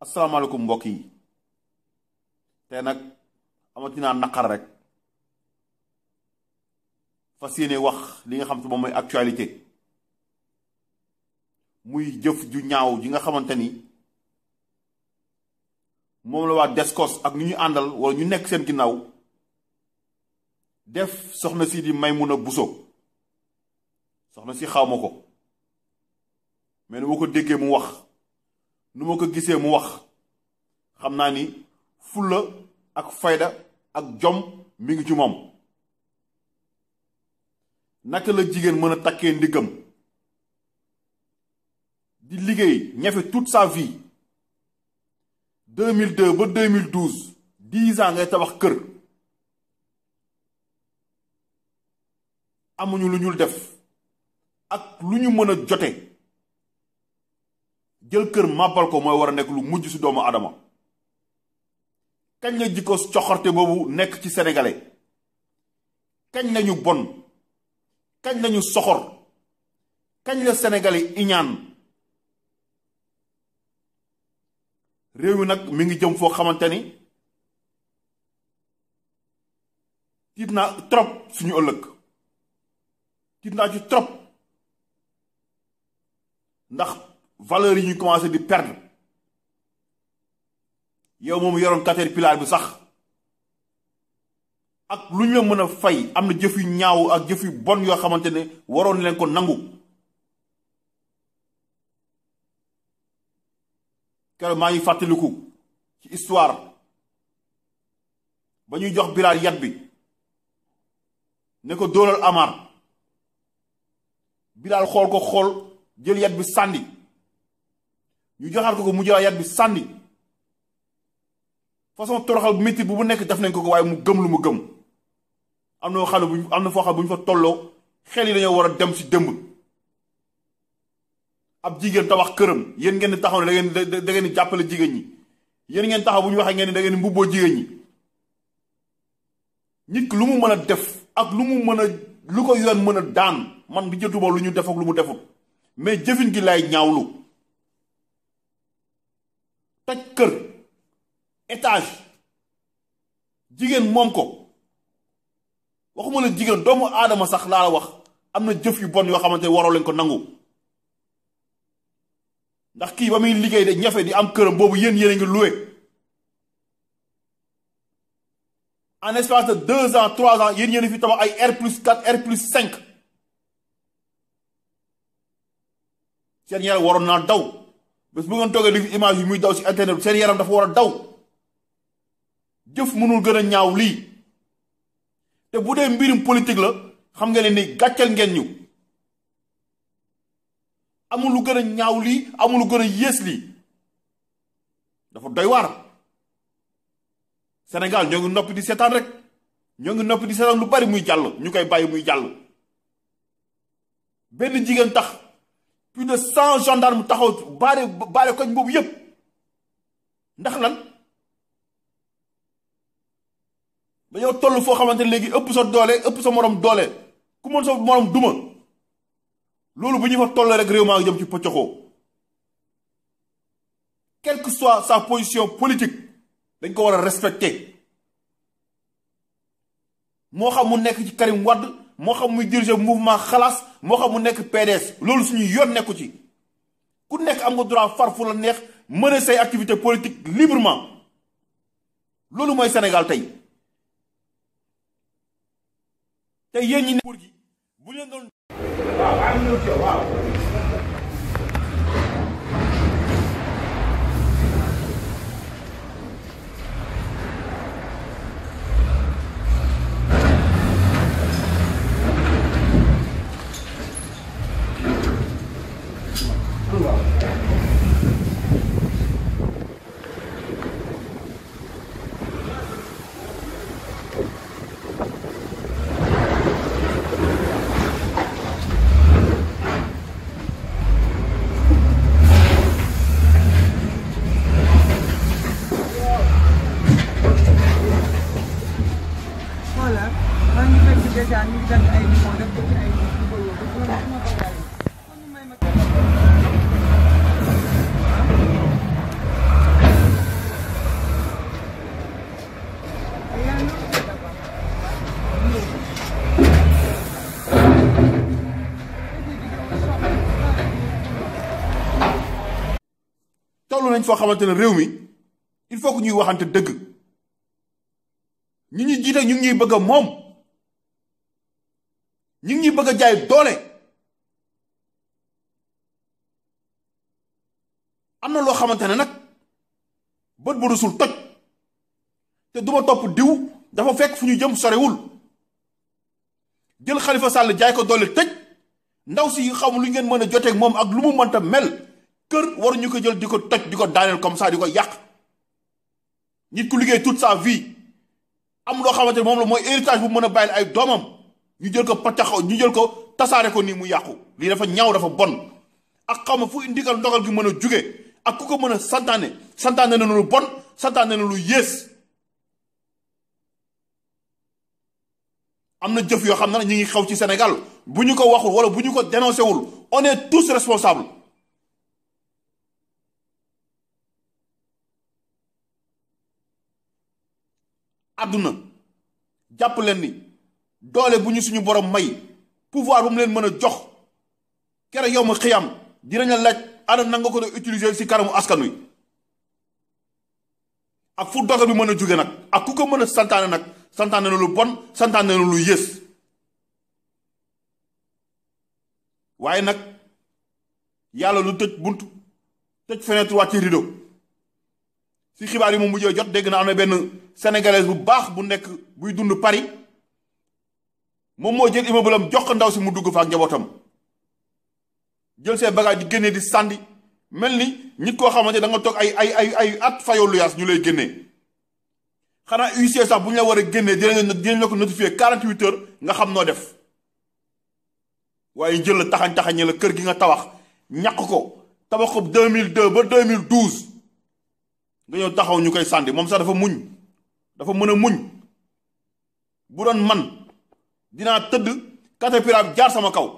asalaamaaleykum mbokk yi te nag amati naa naqar rek fas yéene wax li nga xam te moom mooy actualité muy jëf ju ñaaw ji nga xamante ni moom la waa Descos ak ñu ñuy àndal wala ñu nekk seen ginnaaw def soxna si di may Maimouna Bousso soxna si xaw ma ko mais ni ma ko déggee mu wax. nu ma ko gisee mu wax xam naa ni fulla ak fayda ak jom mi ngi ci moom naka la jigéen mën a takkee ndiggam di liggéey ñafe toute sa vie 2002 ba 2012 10 ans ngay tabax kër amuñu lu ñuul def ak lu ñu mën a jote jël kër komo ko mooy war a nekk lu mujj si doomu adama kañ la jikko coxorte boobu nekk ci sénégalais kañ lañu bon kañ lañu soxor kañ la sénégalais iñaan réew mi nag mi ngi jëm foo xamante ni tiit trop suñu ëllëg tiit ci trop ndax valeur yi ñu commencé di perdre yow moom yoroon caterpillar bi sax ak lu ñu la mën a fay am na jëf yu ñaaw ak jëf yu bon yoo xamante ne waroon leen ko nangu keroog maa ngi fàttaliku ci histoire ba ñuy jox Bilaal yat bi ne ko dóolal Amaar Bilaal xool ko xool jël yat bi sànni ñu joxar ko ko mu jël ayat bi sànni façon toroxal métti bu bu nekk def nañ ko ko waaye mu gëm lu mu gëm am na xale bu am na foo xam bu fa tolloo xel yi dañoo war a dem si dëmb ab jigéen tabax këram yéen ngeen taxaw ne da ngeen da ngeen di jàppale jigéen ñi yéen ngeen taxaw bu ñu waxee ngeen ni da ngeen mbubboo jigéen ñi nit lu mu mën a def ak lu mu mën a lu ko yoon mën a daan man bi jëtuma lu ñu def ak lu mu defut mais jëfin gi lay ñaawlu toj kër étage jigéen moom ko waxuma la jigéen doomu aadama sax laa wax am na jëf yu bon yoo xamante ne waroo leen ko nangu ndax kii ba muy liggéey de ñafe di am këram boobu yéen yéen a ngi loué en espace de deux ans trois ans yéen yéen fi tabax ay R plus quatre R plus cinq seen ñaar waroon naa daw. bes bu ngeen toge def image yi muy daw si internet seen yaram dafa wara daw jëf mënul gën ñaaw li te bu dee mbirum politique la xam nga ne ni gàcceel ngeen ñu amul lu gën ñaaw li amul lu gën a li dafa doy war Sénégal ñoo ngi noppi di setan rek ñoo ngi noppi di setan lu bari muy jàll ñu koy bàyyi muy jàll benn jigéen tax plus de 100 gendarmes taxaw baré baré koñ boobu yépp ndax lan ce toll tollu fo Ils légui ëpp sa doolé ëpp sa morom doolé ku mën sa morom duma lolu bu fa toll rek réew ma jëm ci quelle que soit sa position politique dañ ko wara respecter mo xam mu nekk ci Karim Wade mo xam muy diriger mouvement khalas mo xam mu nekk PDS lolou suñu yoon nekku ci ku nek am nga droit far la neex mener say activité politique librement lolou moy Sénégal tay tay yéen ñi ne gi bu leen doon toll nañ foo xamante ne réew mi il faut que ñuy waxante dëgg ñu ñu jiite ñu ñuy bëgg a moom ñu ngi ñuy bëgg a jaay doole am na loo xamante ne nag bët bu rusul toj te duma topp diw dafa fekk fu ñu jëm sorewul jël Khalifa sàll jaay ko doole tëj ndaw si xam lu ngeen mën a joteeg moom ak lu mu mënta mel kër waruñu ko jël di ko toj di ko daaneel comme ça di ko yàq nit ku liggéey toute sa vie am loo xamante ne moom la mooy héritage bu mën a bàyyil ay doomam ñu jël ko patax ñu jël ko tasaare ko ni mu yaqku li dafa ñaaw dafa bon ak xam fu indigal ndogal gi mëna juggé ak kuko mëna santané santané na lu bon santané na lu yes amna jëf yo xamna ne ngi xaw ci Sénégal buñu ko waxul wala buñu ko dénoncé wul on est tous responsables aduna japp len ni doole bu suñu borom may pouvoir bu mu a jox keroog yow ma xiyam dinañ ko utiliser si karamu ak fu bi mën a jóge ak ku ko mën a santaane lu bon santaane na lu yées waaye nag yàlla lu tëj bunt tëj fenêtre si xibaar yi mu mujjee jot dégg na am na sénégalaise bu bu buy Paris mom mo jël immeuble am jox ndaw ci mu dugg fa ak njabotam jël see bagage di génné di sandi melni nit ko xamanté da nga tok ay ay ay ay at lu luyaas ñu lay génné xana uc sax bu ñu la wara génné di lañu di lañu ko notifier 48 heures nga xam no def waye jël la taxañ taxañee la kër gi nga tawax ñak ko tabax ko 2002 ba 2012 nga ñëw taxaw ñukay sandi mom sax dafa muñ dafa mëna muñ bu doon man. dinaa tëdd caterpillar bi jaar sama kaw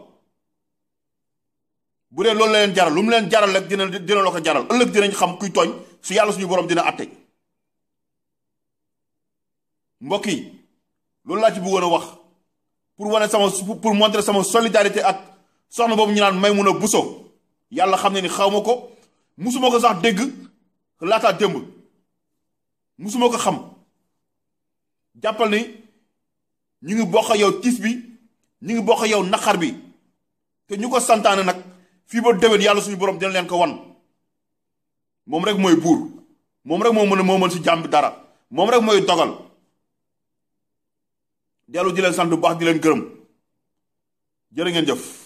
bu dee loolu la leen jaral lu mu leen jaral rek dina dina la ko jaral ëllëg dinañ xam kuy tooñ su yàlla suñu borom dina àtte mbokk yi loolu laa ci bëggoon a wax pour wane sama pour montrer sama solidarité ak soxna boobu ñu naan a buso yàlla xam ne ni xaw ma ko musuma ko sax dégg laata démb musuma ko xam jàppal ni ñu ngi bokk yow tiis bi ñu ngi bokk yow naqar bi te ñu ko santaane nag fii ba déwén yàlla suñu borom dina leen ko wan moom rek mooy buur moom rek moo mën moo mën ci jàmm bi dara moom rek mooy dogal dellu di leen sant bu baax di leen gërëm jërë ngeen jëf.